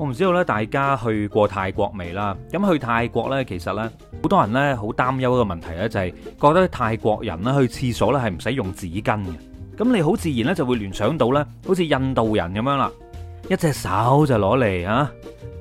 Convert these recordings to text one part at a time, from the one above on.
我唔知道咧，大家去過泰國未啦？咁去泰國呢，其實咧，好多人咧好擔憂一個問題呢，就係覺得泰國人咧去廁所咧係唔使用紙巾嘅。咁你好自然咧就會聯想到呢，好似印度人咁樣啦，一隻手就攞嚟啊，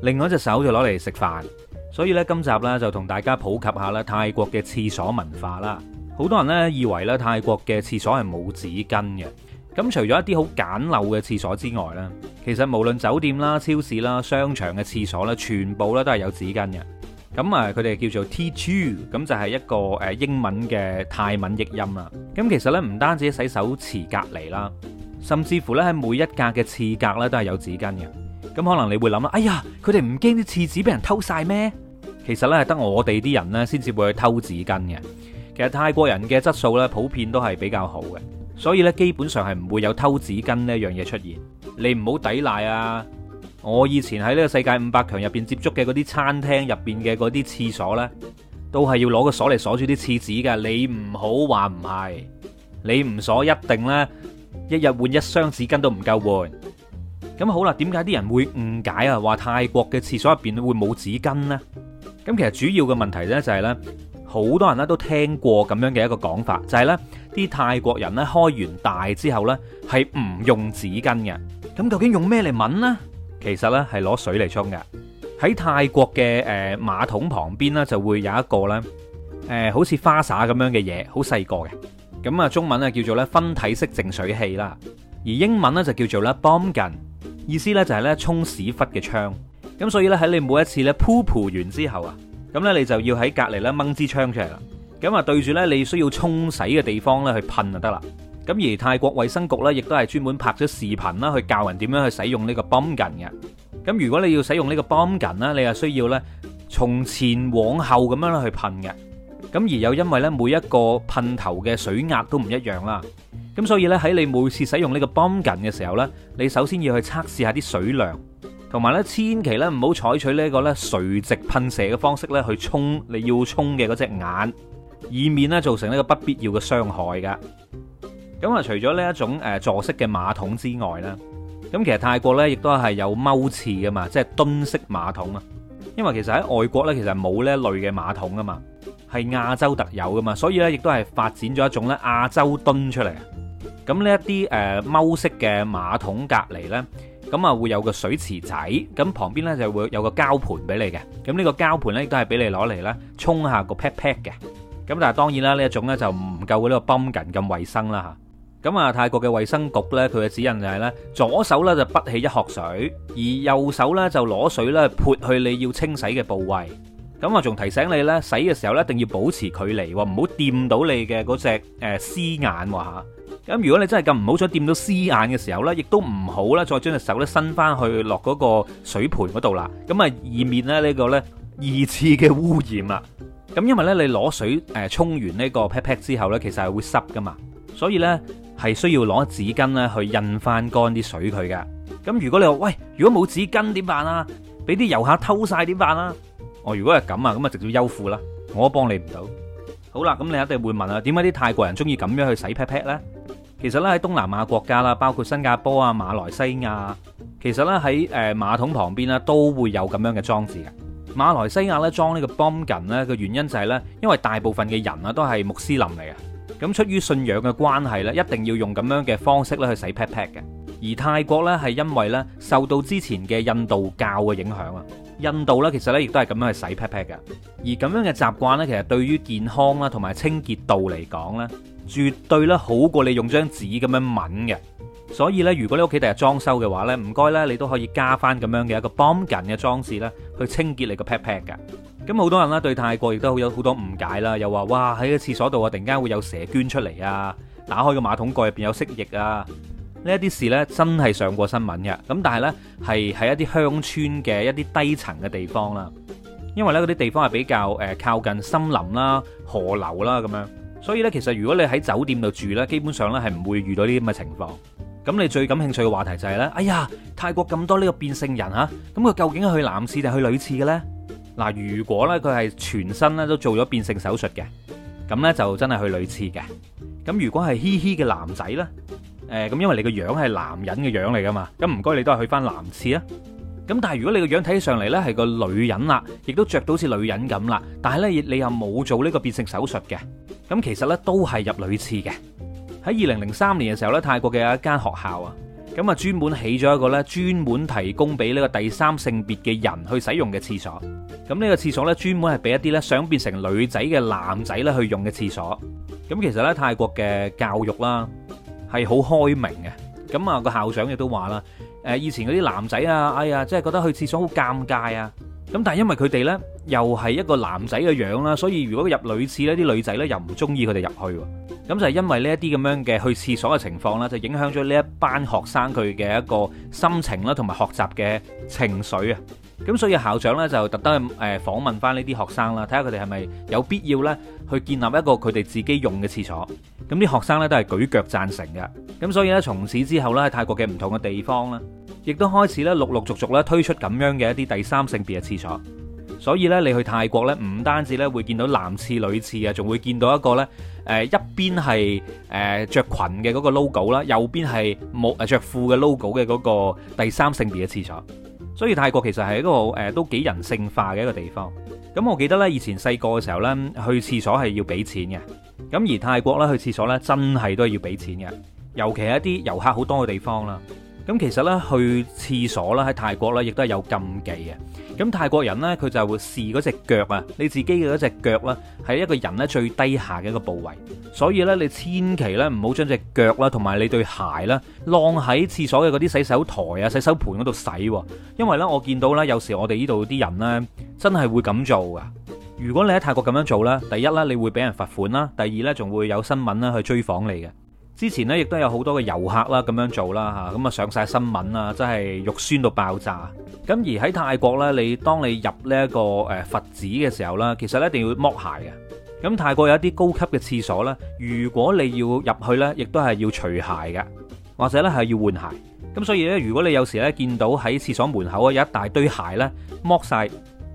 另外一隻手就攞嚟食飯。所以呢，今集呢，就同大家普及下咧泰國嘅廁所文化啦。好多人呢，以為咧泰國嘅廁所係冇紙巾嘅。咁、嗯、除咗一啲好簡陋嘅廁所之外呢，其實無論酒店啦、超市啦、商場嘅廁所呢，全部咧都係有紙巾嘅。咁、嗯、啊，佢、呃、哋叫做 TG 咁、嗯、就係、是、一個誒、呃、英文嘅泰文譯音啦。咁、嗯、其實呢，唔單止洗手池隔離啦，甚至乎呢，喺每一格嘅廁格呢都係有紙巾嘅。咁、嗯、可能你會諗啦，哎呀，佢哋唔驚啲廁紙俾人偷晒咩？其實咧，係得我哋啲人呢先至會去偷紙巾嘅。其實泰國人嘅質素質呢，普遍都係比較好嘅。所以咧，基本上係唔會有偷紙巾呢樣嘢出現。你唔好抵賴啊！我以前喺呢個世界五百強入邊接觸嘅嗰啲餐廳入邊嘅嗰啲廁所呢，都係要攞個鎖嚟鎖住啲廁紙嘅。你唔好話唔係，你唔鎖一定呢，一日換一箱紙巾都唔夠換。咁好啦，點解啲人會誤解啊？話泰國嘅廁所入邊會冇紙巾呢？咁其實主要嘅問題呢，就係呢，好多人呢都聽過咁樣嘅一個講法，就係呢。啲泰國人咧開完大之後咧，係唔用紙巾嘅。咁究竟用咩嚟抆呢？其實咧係攞水嚟沖嘅。喺泰國嘅誒、呃、馬桶旁邊咧就會有一個咧誒、呃、好似花灑咁樣嘅嘢，好細個嘅。咁啊中文啊叫做咧分體式淨水器啦，而英文咧就叫做咧 bomb gun，意思咧就係咧沖屎忽嘅槍。咁所以咧喺你每一次咧鋪舖完之後啊，咁咧你就要喺隔離咧掹支槍出嚟啦。咁啊，對住呢你需要沖洗嘅地方咧，去噴就得啦。咁而泰國衞生局呢，亦都係專門拍咗視頻啦，去教人點樣去使用呢個泵緊嘅。咁如果你要使用呢個泵緊咧，你係需要呢從前往後咁樣去噴嘅。咁而又因為呢，每一個噴頭嘅水壓都唔一樣啦，咁所以呢，喺你每次使用呢個泵緊嘅時候呢，你首先要去測試下啲水量，同埋呢千祈呢唔好採取呢一個垂直噴射嘅方式呢去沖你要沖嘅嗰隻眼。以免咧造成呢個不必要嘅傷害嘅。咁啊，除咗呢一種誒坐、呃、式嘅馬桶之外呢，咁其實泰國呢亦都係有踎廁噶嘛，即係蹲式馬桶啊。因為其實喺外國呢，其實冇呢一類嘅馬桶噶嘛，係亞洲特有噶嘛，所以呢亦都係發展咗一種咧亞洲出、呃、蹲出嚟。咁呢一啲誒踎式嘅馬桶隔籬呢，咁啊會有個水池仔，咁旁邊呢就會有個膠盤俾你嘅。咁呢個膠盤呢，亦都係俾你攞嚟呢沖下個 pet pet 嘅。咁但係當然啦，呢一種咧就唔夠佢呢個泵緊咁衛生啦吓。咁啊，泰國嘅衛生局咧，佢嘅指引就係咧，左手咧就潷起一殼水，而右手咧就攞水咧潑去你要清洗嘅部位。咁啊，仲提醒你咧，洗嘅時候咧，一定要保持距離，唔好掂到你嘅嗰隻誒屎眼吓。咁如果你真係咁唔好想掂到屎眼嘅時候咧，亦都唔好咧再將隻手咧伸翻去落嗰個水盆嗰度啦。咁啊，以免咧呢個咧。二次嘅污染啦，咁因為呢，你攞水誒沖完呢個 pat pat 之後呢，其實係會濕噶嘛，所以呢，係需要攞紙巾呢去印翻乾啲水佢嘅。咁如果你話喂，如果冇紙巾點辦啊？俾啲遊客偷晒點辦啊？哦，如果係咁啊，咁啊直接優庫啦，我都幫你唔到。好啦，咁你一定會問啊，點解啲泰國人中意咁樣去洗 pat pat 呢？其實呢，喺東南亞國家啦，包括新加坡啊、馬來西亞，其實呢，喺誒馬桶旁邊呢，都會有咁樣嘅裝置嘅。馬來西亞咧裝呢個 bum gun 咧個原因就係咧，因為大部分嘅人啊都係穆斯林嚟啊，咁出於信仰嘅關係咧，一定要用咁樣嘅方式咧去洗 pat pat 嘅。而泰國咧係因為咧受到之前嘅印度教嘅影響啊，印度咧其實咧亦都係咁樣去洗 pat pat 嘅。而咁樣嘅習慣咧，其實對於健康啦同埋清潔度嚟講咧，絕對咧好過你用張紙咁樣揾嘅。所以咧，如果你屋企第日裝修嘅話咧，唔該咧，你都可以加翻咁樣嘅一個幫緊嘅裝置咧，去清潔你個 pat pat 嘅。咁好多人咧對泰國亦都好有好多誤解啦，又話哇喺個廁所度啊，突然間會有蛇捐出嚟啊，打開個馬桶蓋入邊有蜥蜴啊，呢一啲事咧真係上過新聞嘅。咁但係咧係喺一啲鄉村嘅一啲低層嘅地方啦，因為咧嗰啲地方係比較誒靠近森林啦、河流啦咁樣，所以咧其實如果你喺酒店度住咧，基本上咧係唔會遇到呢啲咁嘅情況。咁你最感興趣嘅話題就係呢，哎呀，泰國咁多呢個變性人啊，咁佢究竟係去男廁定去女廁嘅咧？嗱，如果呢佢係全身咧都做咗變性手術嘅，咁呢就真係去女廁嘅。咁如果係嘻嘻嘅男仔呢，誒咁因為你個樣係男人嘅樣嚟㗎嘛，咁唔該你都係去返男廁啊。咁但係如果你個樣睇起上嚟呢係個女人啦，亦都著到似女人咁啦，但係呢你又冇做呢個變性手術嘅，咁其實呢都係入女廁嘅。喺二零零三年嘅時候呢，泰國嘅有一間學校啊，咁啊專門起咗一個呢專門提供俾呢個第三性別嘅人去使用嘅廁所。咁呢個廁所呢，專門係俾一啲呢想變成女仔嘅男仔咧去用嘅廁所。咁其實呢，泰國嘅教育啦係好開明嘅。咁啊，個校長亦都話啦，誒以前嗰啲男仔啊，哎呀，即係覺得去廁所好尷尬啊。咁但係因為佢哋咧，又係一個男仔嘅樣啦，所以如果入女廁咧，啲女仔咧又唔中意佢哋入去。咁就係因為呢一啲咁樣嘅去廁所嘅情況啦，就影響咗呢一班學生佢嘅一個心情啦，同埋學習嘅情緒啊。咁所以校長咧就特登誒訪問翻呢啲學生啦，睇下佢哋係咪有必要咧去建立一個佢哋自己用嘅廁所。咁啲學生咧都係舉腳贊成嘅。咁所以咧從此之後咧喺泰國嘅唔同嘅地方咧，亦都開始咧陸陸續續咧推出咁樣嘅一啲第三性別嘅廁所，所以咧你去泰國咧唔單止咧會見到男廁女廁啊，仲會見到一個咧誒、呃、一邊係誒著裙嘅嗰個 logo 啦，右邊係冇誒著褲嘅 logo 嘅嗰個第三性別嘅廁所。所以泰國其實係一個誒、呃、都幾人性化嘅一個地方。咁我記得咧以前細個嘅時候咧去廁所係要俾錢嘅，咁而泰國咧去廁所咧真係都係要俾錢嘅，尤其係一啲遊客好多嘅地方啦。咁其實呢，去廁所啦，喺泰國呢，亦都係有禁忌嘅。咁泰國人呢，佢就會視嗰隻腳啊，你自己嘅嗰隻腳啦，係一個人呢最低下嘅一個部位，所以呢，你千祈呢唔好將隻腳啦，同埋你對鞋啦，晾喺廁所嘅嗰啲洗手台啊、洗手盆嗰度洗喎。因為呢，我見到呢，有時我哋呢度啲人呢，真係會咁做噶。如果你喺泰國咁樣做咧，第一呢，你會俾人罰款啦；第二呢，仲會有新聞咧去追訪你嘅。之前咧，亦都有好多嘅遊客啦，咁樣做啦吓，咁啊上晒新聞啊，真係肉酸到爆炸。咁而喺泰國呢，你當你入呢一個誒佛寺嘅時候啦，其實一定要剝鞋嘅。咁泰國有一啲高級嘅廁所咧，如果你要入去呢，亦都係要除鞋嘅，或者呢係要換鞋。咁所以呢，如果你有時呢見到喺廁所門口咧有一大堆鞋呢剝晒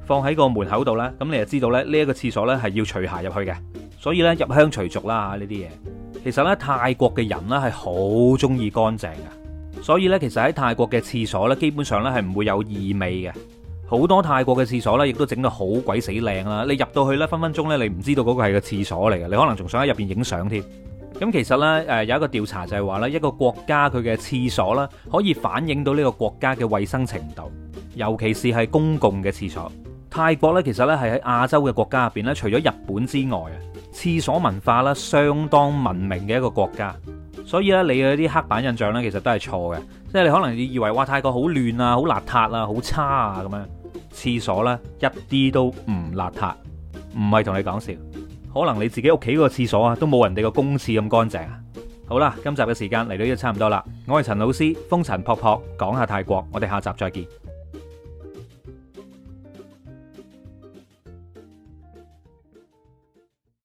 放喺個門口度呢，咁你就知道咧呢一個廁所呢係要除鞋入去嘅。所以呢，入鄉隨俗啦，呢啲嘢。其實咧，泰國嘅人咧係好中意乾淨嘅，所以咧，其實喺泰國嘅廁所咧，基本上咧係唔會有異味嘅。好多泰國嘅廁所咧，亦都整到好鬼死靚啦！你入到去咧，分分鐘咧，你唔知道嗰個係個廁所嚟嘅，你可能仲想喺入邊影相添。咁其實咧，誒有一個調查就係話咧，一個國家佢嘅廁所咧，可以反映到呢個國家嘅衛生程度，尤其是係公共嘅廁所。泰國咧，其實咧係喺亞洲嘅國家入邊咧，除咗日本之外啊。廁所文化啦，相當文明嘅一個國家，所以咧，你嗰啲黑板印象咧，其實都係錯嘅。即係你可能要以為哇，泰國好亂啊，好邋遢啊，好差啊咁樣。廁所呢一啲都唔邋遢，唔係同你講笑。可能你自己屋企個廁所啊，都冇人哋個公廁咁乾淨。好啦，今集嘅時間嚟到呢度差唔多啦。我係陳老師，風塵仆仆，講下泰國。我哋下集再見。